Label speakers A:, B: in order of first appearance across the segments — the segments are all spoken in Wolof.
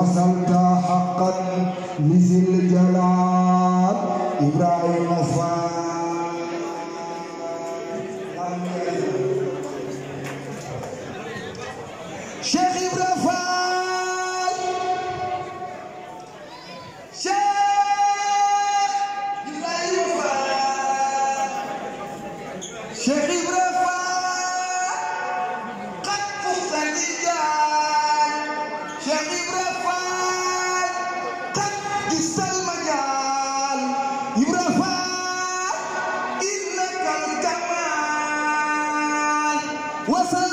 A: وصلت حقا لذي الجلال إبراهيم صار What's up?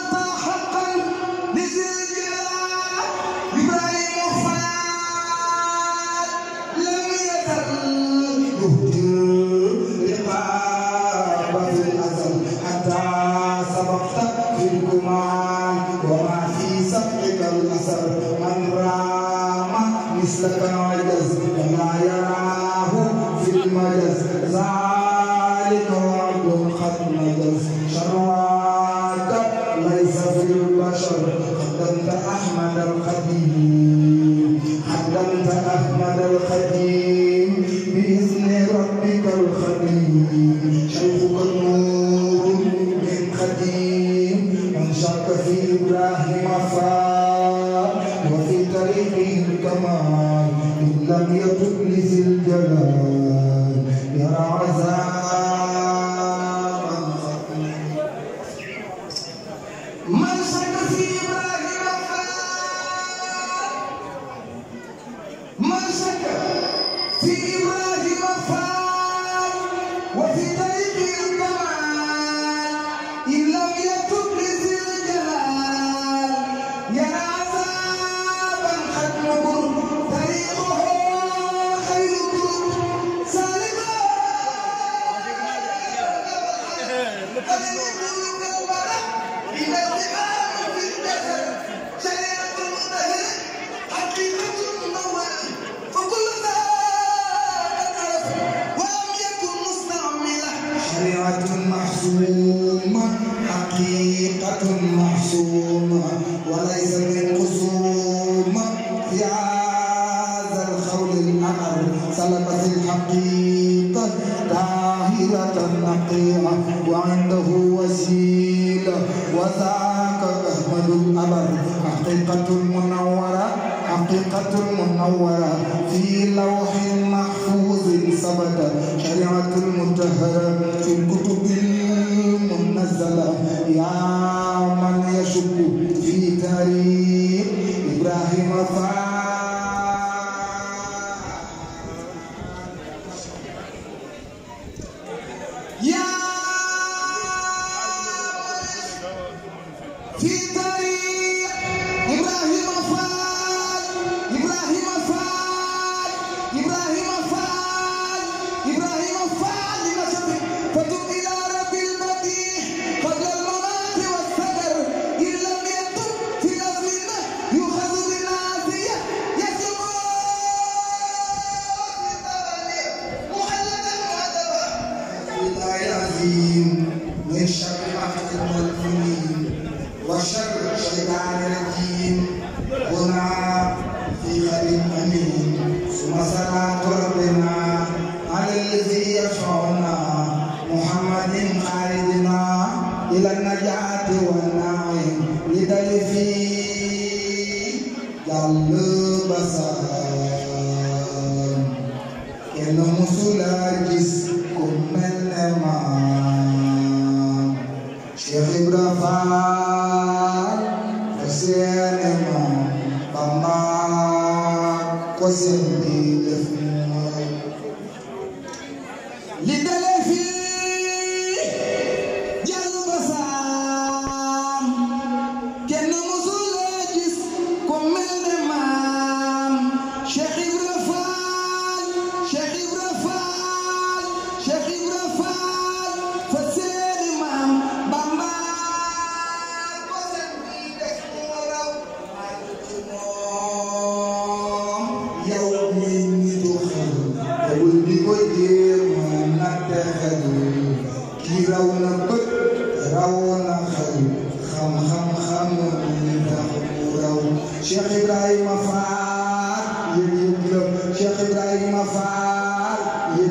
A: طريقه الكمال إن لم يتب الجلال يرى عذاب الشريعة المطهرة في الكتب المنزلة يا من يشك في تاريخ إبراهيم فعل Ibrahim Afal, Ibrahim Afal, Ibrahim. poison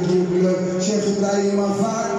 A: Douglas, Chefe Ibrahima Vaca.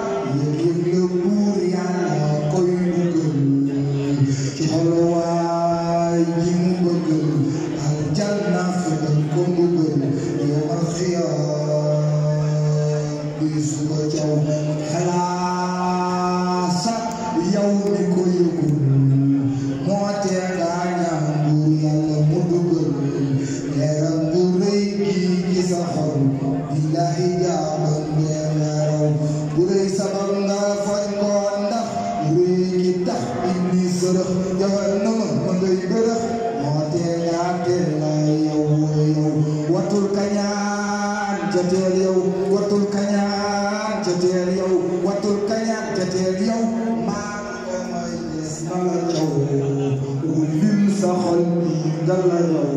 A: sa xol bi dala yow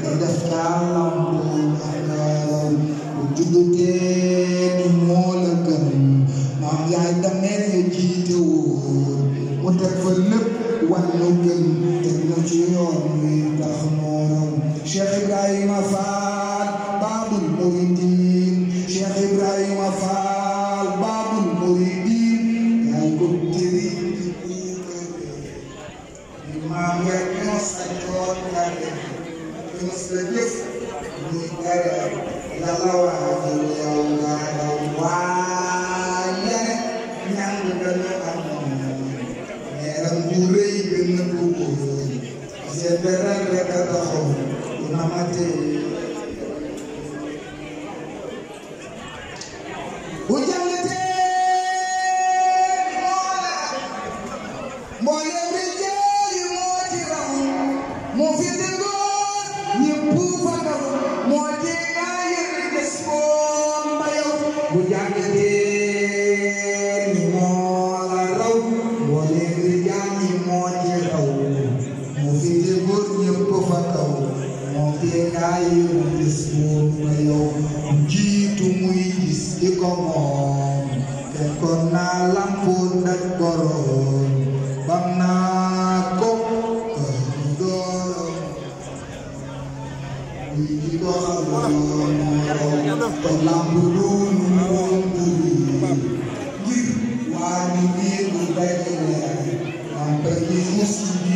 A: te def kaa lamb bu juddutee Господи. omong dan kona lampun dan koron bang nakok kehidon wiji kolam koron kolam bulun mulung tuli gir wani biru baikila sampai di musti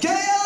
A: KL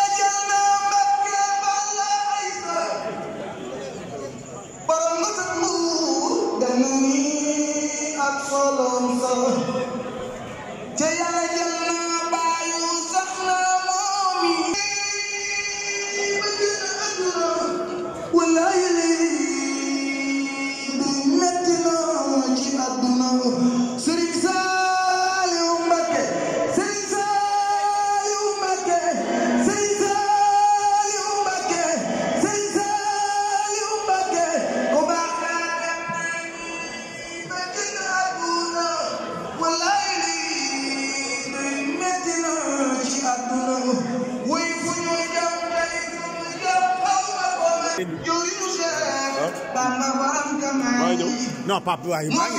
A: non papa waaye maa ngi.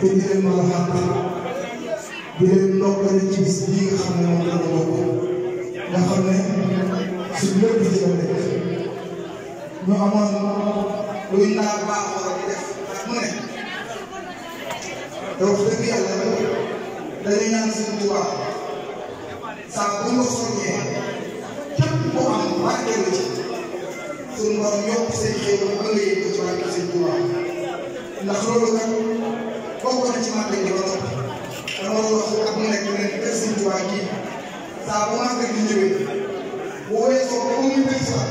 A: te di leen mën a xàq di leen ndokkale ci bis bii nga xam ne moom la ñu bokk nga xam ne suñ lépp ci la nekk ñu amoon luy naar baaxoo rek def mu ne te wax dëgg yàlla dañuy ñaan seen tubaab saa bu ñu soññee képp ku am barke la ci suñu borom yokk seen xéewal ba nga yëg ko ci barke seen tubaab ndax loolu nag bokk na ci màggal gi loolu dama wax ak mu nekk ne kër Sëñ Tuubaa kii saa bu màggal gi ñëwee boo weesoo ba mu bëri xam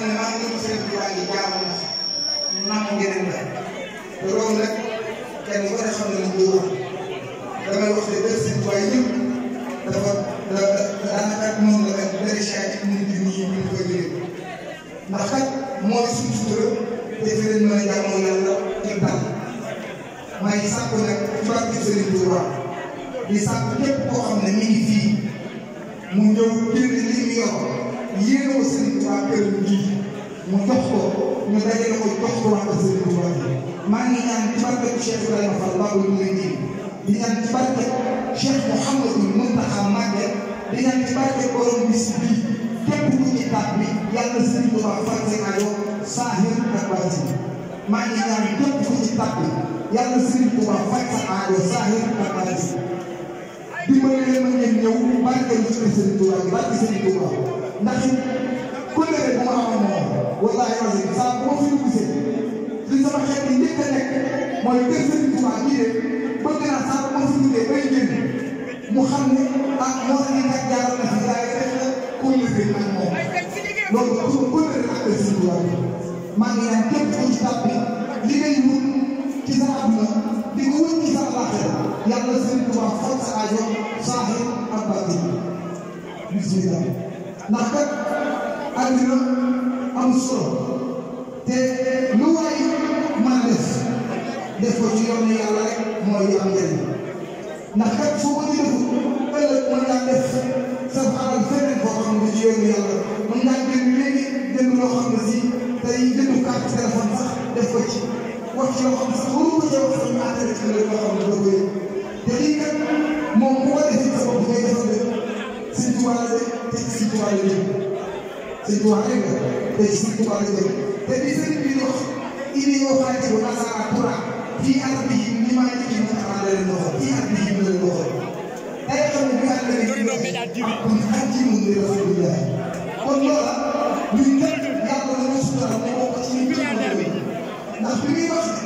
A: ne maa ngi doon Sëñ Tuubaa jaamu na naam ngeen la te loolu nag kenn ku ne xam ne lu wóor damay wax ne kër Sëñ Tuubaa yëpp dafa daanaka noonu la ak dërëchaay ak nit ñi nii ñu koy jëlee ndax kat mooy suñu sutura te fi leen mën a jaamoo yàlla ci waaye sàkku nag barke Serigne Touba di sàkku képp koo xam ne mi ngi fii mu ñëw jënd li mu yor yéenoo Serigne Touba kër gi mu jox ko ñu dajale ko jox ko waa Serigne Touba maa ngi ñaan ci barke Cheikh Ibrahima Fall Babou Mouridine di ñaan ci barke Cheikh Mouhamadou Mountakha Mbacké di ñaan ci barke borom bis bi képp ku ci taat bi yàlla Serigne Touba fàtte naa yow saa yëpp ak baatin maa ngi ñaan képp ku ci taat bi yàlla Serigne Touba faj sa aajo saahir ak baatin dimbali leen ngeen ñëw barke yi ci Serigne Touba yi barke Serigne Touba ndax kóllëre bu ma amoon moom wallaahi wasi saa bu ma li sama xel bi a nekk mooy kër Serigne Touba bii de bëgg naa saa bu ma fi gisee bay jënd mu xam ne ah moo ne nag jaaral na fi waaye def na kóllëre ak moom loolu dafa kóllëre ak Serigne Touba bi maa ngi naan képp ku ci tàbbi liggéey di jiital ndax kat àddina am solo te lu waay mën a def def ko ci yoonu yàlla rek mooy yi am njëriñ ndax kat soo ko jëlee ko ëllëg mën ngaa def sa alal feneen boo xam ne ci yoonu yàlla mën ngaa jënd léegi jënd loo xam ne si tey jëndu carte téléphone sax def ko ci wax ci yoo xam ne sax waru ko ci wax sax ñu ànd ak loo xam ne doo ko yëg te lii kat moom bu ko defee sa bopp ngay defal si Tuubaa la jëm sëñ bi wax rek la te si Tuubaa la jëm te bi sëñ bi dox ili yoo xaati wa nasara tura fii ardihim lima yajiduna min amaalin fii ardihim la leen waxoon day xam ne bi ànd ak ñu ne kon xaj mun di rasulillah kon loola ñun ñëpp yàlla la ñu sutura ne ko ci ñu ndax bi muy wax